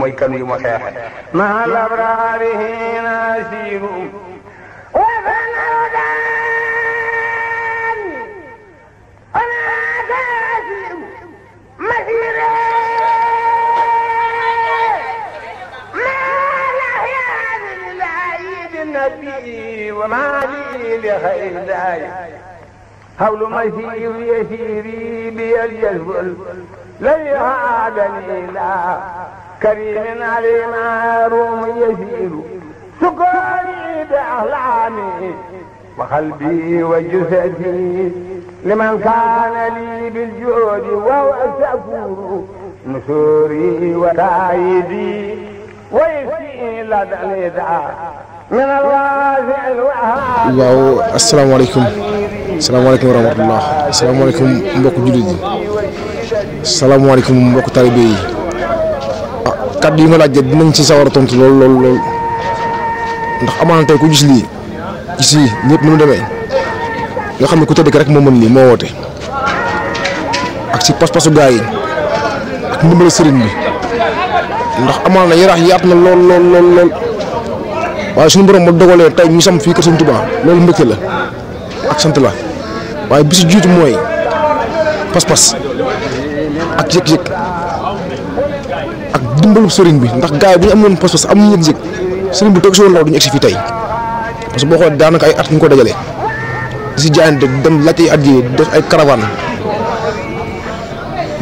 ودان kan yu ma ما maa labraari hiina النبي وما لي لخير داي ما مسير يسيري بي الجذب لن يهادني كريم عليم عاروم يسير سكاني بأهلاني وقلبي وجسدي لمن كان لي بالجود وهو سفور نسوري وتعيدي ويسير لدى من الواسع الوهاب واو السلام عليكم السلام عليكم ورحمة الله السلام عليكم مبوك جلدي السلام عليكم مبوك طالبي kàddu yi nga laajte dinañ ci sawar a tontu lool lool lool ndax amaana tey ku gis lii gis yi ñëpp nu mu demee rek moo mën lii moo woote si pas-pasu gaa yi ak bi ndax amaana yaraax yaat na lool lool lool lool waaye suñu borom ma dogalee tey ñu sam fii ko Sëriñ Tuubaa loolu mbégte la ak sant la waaye bi si jiitu mooy pas-pas ak yëg-yëg. ak dimbalu serigne bi ndax gaay bu amone amoon poste am ñu jik serigne bu tok ci won law duñu exi fi tay parce bo xol xoolee daanaka ay at ñu ko dajale si jaayante dem lati ay at yi def ay caravane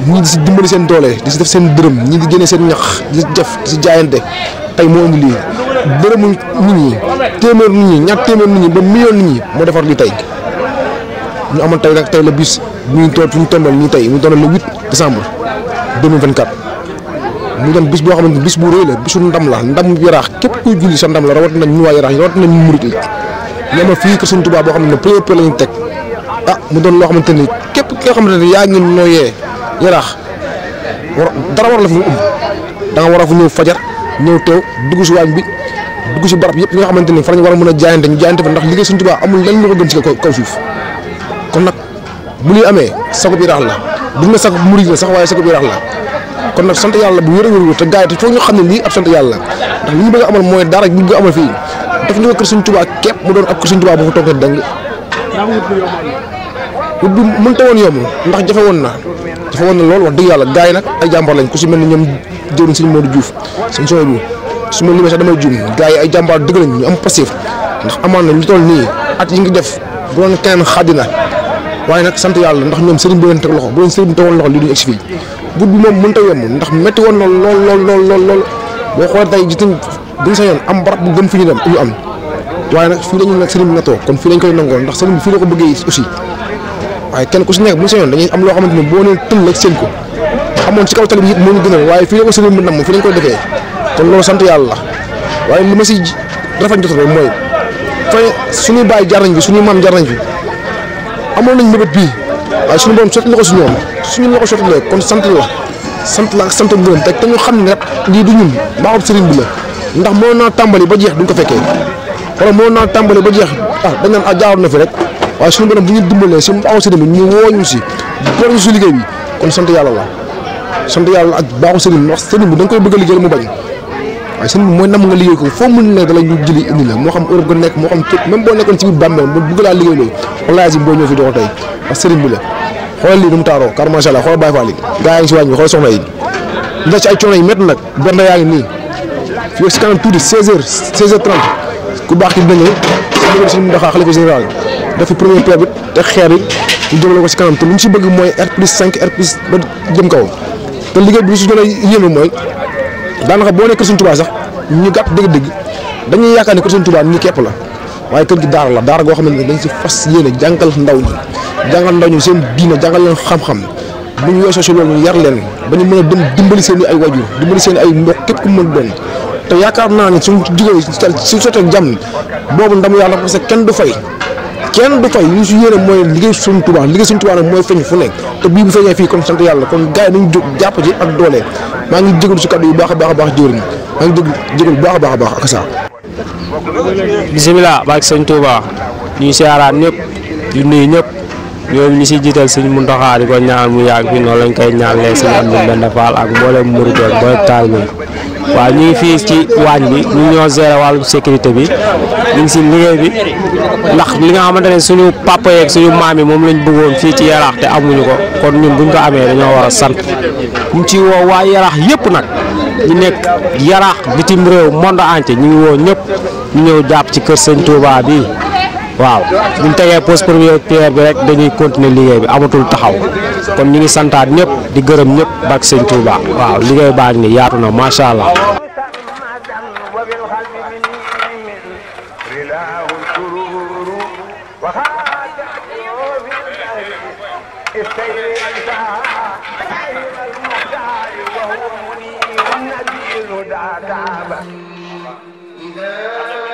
ñi di dimbali seen doole di si def seen deureum ñi di génne seen ñax di def ci si jaayante tey moo indi lii dërëmu nit ñi témer nit ñi ñak témer nit ñi ba million ñi mo defar li tay ñu amoon tay nag tay le bus ñu toog ñu tombal nii tay mu doon le 8 décembre 2024 mu dem bis bo xamante bis bu rëy la bisu ndam la ndam rax kep koy julli sa ndam la rawat nañ ñu waa yaraax rawat nañ murid yi ñama fi ko sëñ Tuubaa bo xam peu peu lañu tek ah mu don lo xamanteni kep ko xamanteni ya ngi noyé yaraax war dara war la fi um da nga wara fu ñu fajar ñew tew dugg ci wañ bi dugg ci barap yëpp nga xamanteni fa lañu wara mëna jaayante ñu jaayante fa ndax liggéey sëñ Tuubaa amul lañ lu ko gën ci ko suuf kon nak bu ñuy amee bi rax la duñ ne sagub murid la sax waaye bi rax la kon nag sant yàlla bu wér a wér te gars yi te foog ñu xam ne lii ab sant yàlla ndax li ñu bëgg a amal mooy daara bu ñu ko amal fii daf ñu ko kër Sëriñ Tuubaa képp mu doon ab kër Sëriñ Tuubaa bu fa toogee dëng wut bi ndax jafe woon na woon na lool wax yàlla gars yi nag ay jàmbaar lañ ku si mel ni ñoom jëwriñ Sëriñ Modou Diouf Sëriñ Sow bu su ma limee sax damay juum gars yi ay jàmbaar dëgg ñu am passif ndax amaan na lu toll nii at yi ngi def bu doon keneen xàddina waaye nag sant yàlla ndax ñoom sëriñ bi leen teg loxo bu leen sëriñ bi tegoon loxo lii duñu egsi fii guddi moom mënta yem ndax metti won na lol lol lol lol lol bo xol tay gis nañ sa sañoon am barap bu gën fi ñu dem ñu am waye nak fi lañu nak sëriñ nato kon fi lañ koy nangol ndax sëriñ fi lako la bëggee aussi waye kenn ku ci nekk buñ sañoon dañuy am lo xamanteni bo ne nee tël rek seen ko amoon ci kaw tali bi mo moo ñu gënal waye fi lako ko sëriñ bi namm lañ koy defee kon lo sant yalla waye lu ma ci rafañ jottu rek moy fay suñu bay jaar bi suñu mam maam bi amon fi amoon nañ mëbët bii waaye suñu borom sotti na ko si ñoom suñu la ko sotti léegi kon sant la sant la ak sant ngërëm te te ñu xam ne rek lii du ñun mbaaxum bi la ndax moo naa tàmbali ba jeex duñ ko fekkee wala moo naa tàmbali ba jeex ah dañ naan ah jaaroon na fi rek waaye suñu borom bu ñu dimbalee si mbaaxum sëriñ bi ñu wooñu si borom su liggéey bi kon sant yàlla la sant yàlla ak baaxu sëriñ bi wax sëriñ bi da nga koy bëgg a liggéey mu bañ waaye sëñ bi mooy nam nga liggéey ko foo mën ne da la ñu jëli indi la moo xam Europe nga nekk moo xam ci même boo nekkoon ci biir bàmmeel ba bëgg laa liggéey loolu wallaahi si boo ñëw fi joxo tey parce sëriñ bi la xoolal lii nu mu taaroo car macha allah xoolal Baye Fall yi gaa yaa ngi si wàññi xool soxna yi ndax ci ay coono yi métti nag bernde yaa ngi nii fii si kanam tuuti 16 heures 16 heures 30 ku baax ki dina ñëw si dëgg suñu ndaxaa xalifa général def fi premier pierre te xeer yi ñu jëmale ko si kanam te lu ñu si bëgg mooy R plus 5 R plus ba jëm kaw te liggéey bi su gën a yéeme mooy daanaka boo nee kër Sëñ sax ñu gàtt dëgg-dëgg dañuy yaakaar ne kër Sëñ Tuubaa ñu képp la waaye kër gi daara la daara goo xam ne dañ si fas yéene jàngal ndaw ñi jàngal ndaw ñi seen diina jàngal leen xam-xam bu ñu weesoo si loolu yar leen ba ñu mën a dem dimbali seen i ay wajur dimbali seen ay mbokk képp ku mën doon te yaakaar naa ne suñ jógee suñ sotee jàmm boobu ndam yàlla parce que kenn du fay kenn du fay ñu si yéene mooy liggéey suñu Tuubaa liggéey suñu Tuubaa nag mooy feeñ fu nekk te bii bu feeñee fii kon sant yàlla kon gars yi nañ jóg jàpp ci ak doole maa ngi jégalu si kàddu yu baax a baax a baax jëwriñ maa ngi jégalu baax a baax a baax ak saa bisimilah baag sëñ Tuubaa ñuy siyaaraat ñëpp di nuyu ñëpp ñoom ñu si jiital sëñ Muntaxaa di ko ñaan mu yàgg fi noonu lañ koy ñaan lee sëñ Amdu Mbenda Fall ak mboolem murid ak mboolem taalibe waaw ñu ngi fii ci waañ bi ñu ñoo gérer wàllu sécurité bi ñu si liggéey bi ndax li nga xamante ne suñu papa yeeg suñu maam yi moom lañ bëggoon fii ci yaraax te amuñu ko kon ñun buñ ko amee dañoo war a sant mu ci woo waa yaraax yëpp nag ñu nekk yaraax bitim réew monde entier ñu ngi woo ñëpp ñu ñëw jàpp ci kër sëñ Touba bi waaw buñ tegee pose première pierre bi rek dañuy continuer liggéey bi amatul taxaw kon ñu ngi santat ñep di gërëm ñep bak sëñ Touba waaw ligay baa ni yaatu na ma sha allah Yeah.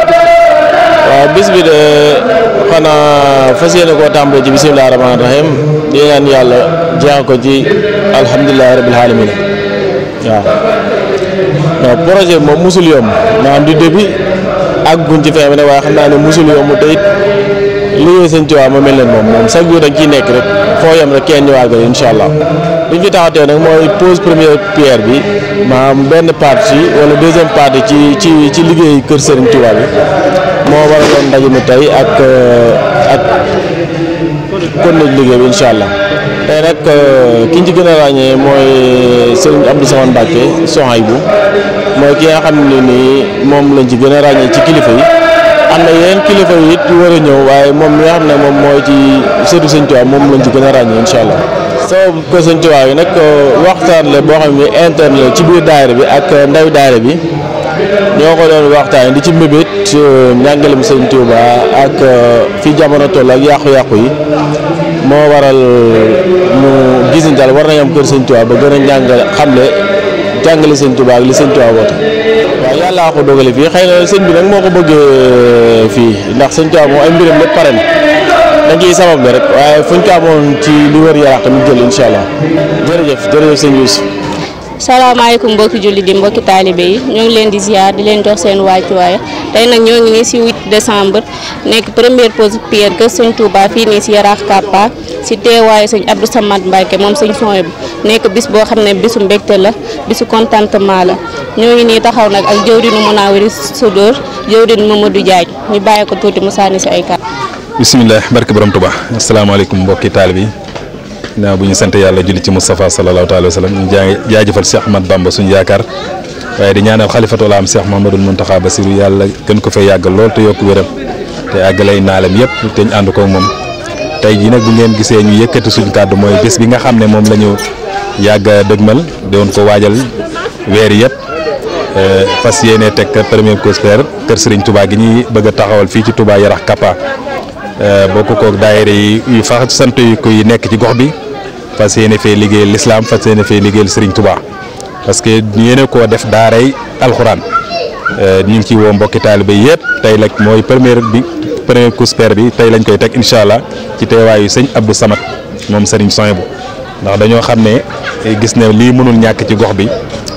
waaw bis bi de xanaa fas yéene koo tàmbali ci bisimilah rahmaani rahim di ñaan yàlla jeex ko ci alhamdulilah rabil alamin waaw waaw projet bi moom musul yomb maanaam du début ak guñ ci fin bi nag waaye xam naa ne musul yomb te it liggéey sëñ Tuubaa ma mel leen moom moom chaque jour dañ ciy nekk rek foo yem rek kenn ñëwaat rek incha allah li ñu fi taxatee nag mooy pose première pierre bi maanaam benn partie wala deuxième partie ci ci ci liggéey kër Serigne Touba bi. moo waraloon ndaje mi tey ak euh, ak kon nañ liggéey bi incha allah tey nag euh, ki ci gën a ràññee mooy Serigne Abdou Samane Mbacke Sohaibou mooy ki nga xam ne nii moom lañ ci gën a ràññee ci kilifa yi am na yeneen kilifa yi it yu war a ñëw waaye moom mi nga xam ne moom mooy ci sëriñ Sëñ Tuubaa moom lañ ci gën a ràññee incha allah. sabab ko Sëñ Tuubaa yi nag euh, waxtaan la boo xam ne interne ci biir daayira bi ak ndaw daayira bi. ñoo ko doon waxtaane di ci mbébét euh, njàngalem sëñ Touba ak euh, fi jamono toll ak yàqu-yàqu yi moo waral mu gis ni daal war nañ am kër sëñ Touba ba gën a njàngale xamle jàngale sëñ Touba ak li sëñ Touba woote waaw yàllaa ko dogale fii xëy na sëñ bi nag moo ko bëggee euh, fii ndax sëñ Touba moom ay mbiram lépp pare na dañ ciy sabab la rek waaye fuñ ko amoon ci li wër yaraax tamit jël incha allah jërëjëf jërëjëf sëñ Youssou Assalamualaikum mbokk julli di mbokki talibé yi ñoo ngi leen di ziar di leen jox seen wàccuwaay tey nag ñoo ngi nii si 8 décembre nekk première pause pierre que sëñ Touba fii nii si Yaraax Kapa si teewaayu sëñ Abdou Samad Mbacke moom sëñ sooy nekk bis boo xam ne bisu mbégte la bisu contentement la ñoo ngi nii taxaw nag ak jëwrinu Munawiri Sudóor jëwrin Mamadou Diagne ñu bàyyi ko tuuti mu sànni si ay kàddu. bismillah barke borom Touba asalaamaaleykum mbokki talibé yi naaw bu ñu sant yàlla julli ci Moustapha sallallahu alayhi wa sallam ñu jaajëfal Cheikh Ahmad Bamba suñu yaakaar waaye di ñaanal xalifatul am Cheikh Mouhamadoul Mountakha Bassirou yàlla gën ko fee yàggal lool te yokk wéram te àggalay naalam yëpp te ñu ànd ko moom tey jii nag bu ngeen gisee ñu yëkkati suñu kàddu mooy bés bi nga xam ne moom la ñu yàgg a dëgmal doon ko waajal weer yëpp eh, fas yéene teg première cause kër Serigne tubaa gi ñuy bëgg a taxawal fii ci tubaa Yarax Kappa Euh, bokk koog daayira yi yu fa sant yu koy nekk ci gox bi fas yéene fee liggéeyal lislaam fas yéene fee liggéeyal Serigne tubaa parce que yéene koo def daaray alxuraan euh, ñu ngi ciy woo mbokki taalibe yëpp tey nag mooy première bi première couche bi tey lañ koy teg incha allah ci teewaayu sëñ Abdou Samad moom Serigne Soñbu ndax dañoo xam ne eh, gis ne lii mënul ñàkk ci gox bi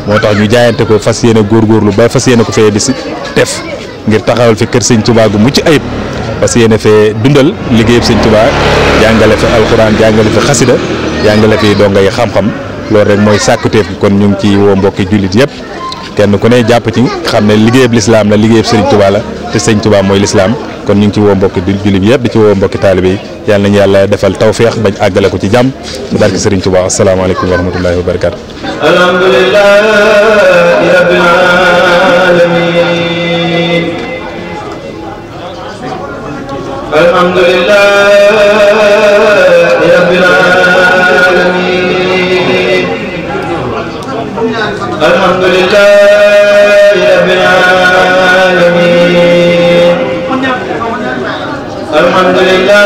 moo tax ñu jaayante ko fas góor góorgóorlu ba fas yéene ko fee di si def ngir taxawal fi kër sëñ Touba gu mucc ayib. parce que yéen fee dundal liggéeyub sëñ tubaa jàngale fi alxuraan jàngale fi xasida jàngale fi donga yi xam-xam loolu rek mooy sàkkuteef gi kon ñu ngi ci woo mbokki jullit yëpp kenn ku ne jàpp ci xam ne liggéeyub lislaam la liggéeyub sëriñ Tuubaa la te sëñ tubaa mooy lislaam kon ñu ngi ci woo mbokki jullit yëpp di ci woo mbokki taalibe yi yàlla nañu yàlla defal tawféex bañ àggale ko ci jàmm bu barke sëriñ Tuubaa asalaamaaleykum wa rahmatullahi wa barakaatu الحمد لله رب العالمين الحمد لله رب العالمين الحمد لله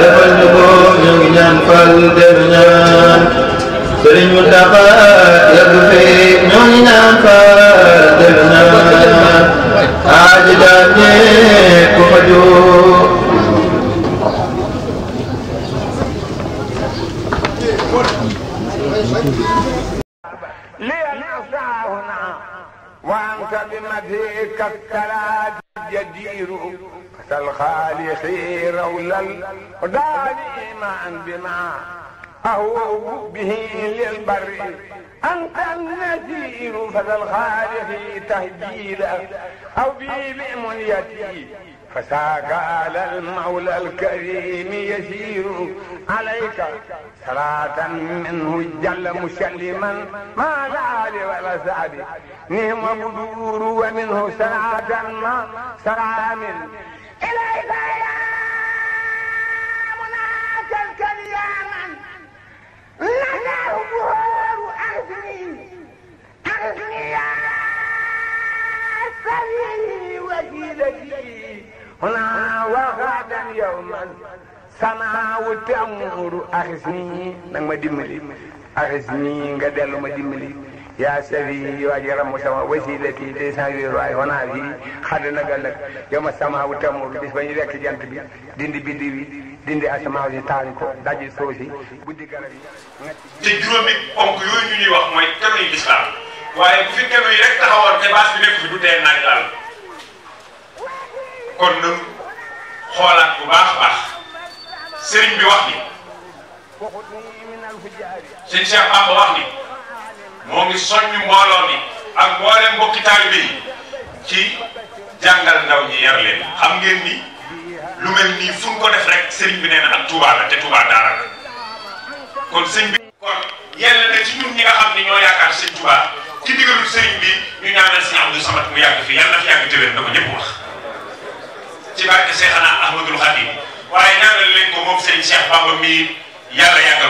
defal ñu ko ñu ngi ñaan fal dellu ñaan sëriñ mu taxa yàggu fee ñoo ngi ñaan fal dellu ñaan aaji daan ñee ku faju لي نصعنا وأنت بمديك السلام خير ولا دعني معا بما اهو به للبر أنت النذير فذا الخالق تهديدا أو بي بأمنيتي فساك على المولى الكريم يسير عليك صلاة منه جل مسلما ما زال ولا زال نهم بدور ومنه صلاة ما سرعة من هنا وغدا يوما سماو تأمر أخزني نما دملي أخزني غدا لما دملي يا سبي واجر مسمى وسيلتي ليس يروي هنا في خدنا قالك يوم السماء وتمور بس بني ذاك جانت بي دين دي بدي بي دين دي اسماء دي تاريكو داجي سوسي بدي غاربي te juróomi ponk yooyu ñu ñuy wax mooy kanu yi lislaam waaye bu fi kanu yi te baas bi nekk fi du tee naaj daal kon nag xoolaat bu baax baax sëriñ bi wax ni sëriñ Cheikh Bamba wax ni moo ngi soññu mbooloo mi ak mboolem mbokki taalibe yi ci jàngal ndaw ñi yar leen xam ngeen ni lu mel nii fu ko def rek sëriñ bi nee ak Touba la te Touba daara kon sëñ bi kon yàlla na ci ñun ñi nga xam ne ñoo yaakaar sëñ Touba ci ndigalul sëriñ bi ñu ñaanal sëñ Abdou Samad mu yàgg fi yàlla fi yàgg tëleen na ko ñëpp wax ci barke Seexana Ahmadul Xadim waaye ñaanal leen ko moom sëriñ Cheikh Bamba mi yàlla yàgg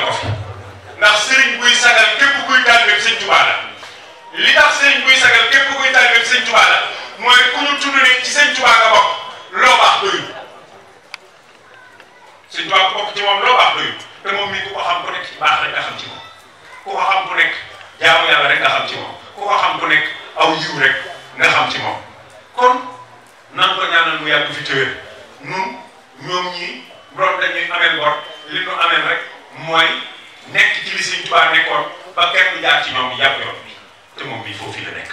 sëñ Tuubaa la mooy ku ñu tudd ne ci sëñ Tuubaa nga bokk loo baax doyul sëñ Tuubaa ku bokk ci moom loo baax doyul te moom mii ku ko xam ku nekk baax rek nga xam ci moom ku ko xam ku nekk jaamu yàlla rek nga xam ci moom ku ko xam ku nekk aw yiw rek nga xam ci moom kon nan ko ñaanal mu yàgg fi téwér nun ñoom ñii borom dañuy amee bor li nu amee rek mooy nekk ci li sëñ Tuubaa nekkoon ba kenn jaar ci ñoom yàpp yoon bi te moom bii foofu la nekk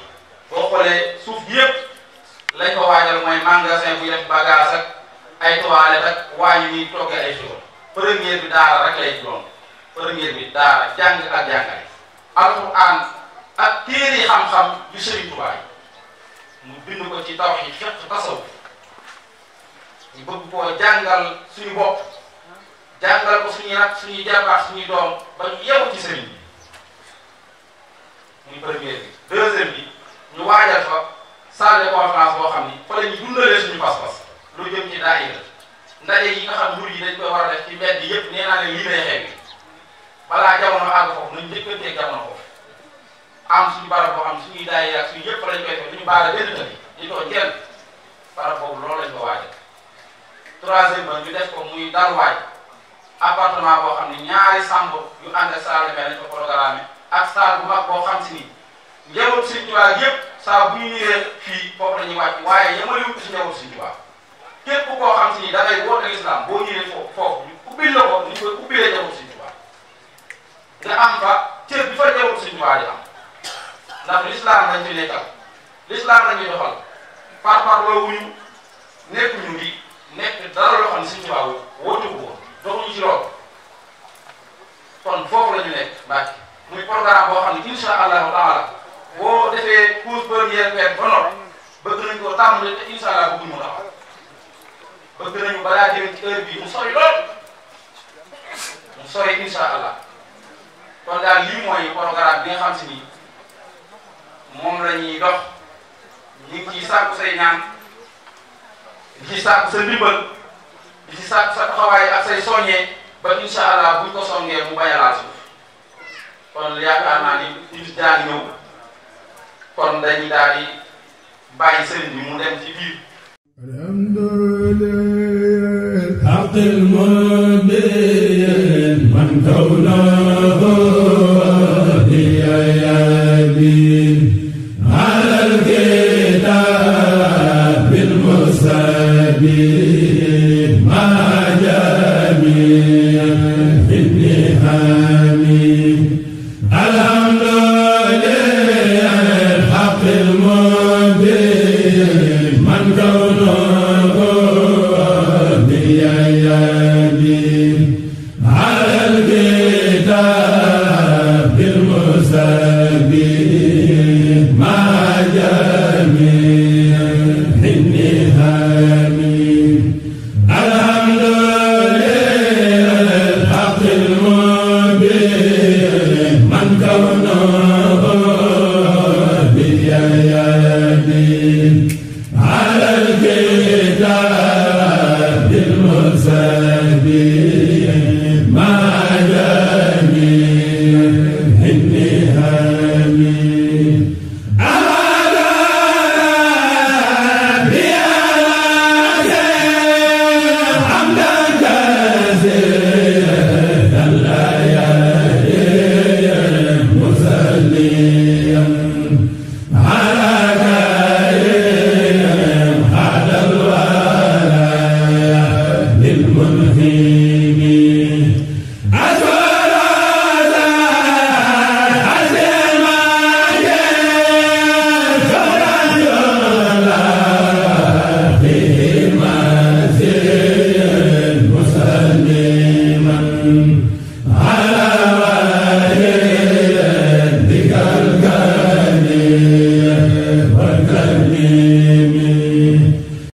boo xoolee suuf yëpp lañ ko waajal mooy magasin bu def bagage ak ay toilette ak waañu ñuy toggee ay suuf première bi daara rek lay doon première bi daara jàng ak jàngale alxuraan ak téere xam-xam yu Sëriñ Tuubaa mu bind ko ci tawhiid fiqh tasawuf ñu bëgg koo jàngal suñu bopp jàngal ko suñuy rak suñuy jabar suñuy doom ba ñu yeewu ci sëriñ bi muy première bi deuxième bi. ñu waajal fa salle de conférence boo xam ni fa la ñuy dundalee suñu pas-pas lu jëm ci daayira ndaje yi nga xam mbir yi dañ koy war a def ci mbedd yëpp nee naa leen lii lay xew balaa jamono àgg foofu nañ njëkkanteeg jamono foofu am suñu barab boo xam ne suñuy daayira ak suñu yëpp fa lañ koy def duñu baara benn tali di ko jël barab boobu loolu lañ ko waajal troisième ba ñu def ko muy dalwaay appartement boo xam ne ñaari sàmb yu ànd ak salle de bain lañ ko programmé ak salle bu mag boo xam si ni njaboot Sëriñ Tuubaa yëpp saa bu ñu ñëwee fii foofu la ñuy wàcc waaye yamaliwul si njaboot Sëriñ Tuubaa képp koo xam si ni da ngay woote lislaam boo ñëwee foofu foofu ñu ubbil la ko ñu koy ubbilee njaboot Sëriñ Tuubaa nga am fa cër bi fa njaboot Sëriñ Tuubaa di am ndax lislaam lañ fi nekkal lislaam lañ ñu doxal par par loo wuñu nekk ñu ngi nekk dara loo xam ne Sëriñ Tuubaa woote ko woon doxuñu ci loolu kon foofu la ñu nekk Mbàkke muy programme boo xam ne incha allahu taala boo defee couche première pexe ba noor bëgg nañ ko tàmbali te incha allah bëgguñ mu taxaw bëgg nañu balaa demee ci heure bii mu sori lool mu sori incha allah kon daal lii mooy programme bi nga xam si ni moom la ñuy dox ñu ngi ciy sàkku say ñaan di ci sàkku sa ndimbal di ci sàkku sa taxawaay ak say soññee ba incha allah buñ ko songee mu bañ a laal suuf kon yaakaar naa ni nit daal ñëw. kon dañuy daal di bàyyi sëriñ bi mu dem ci biir. maa Yeah. Ah!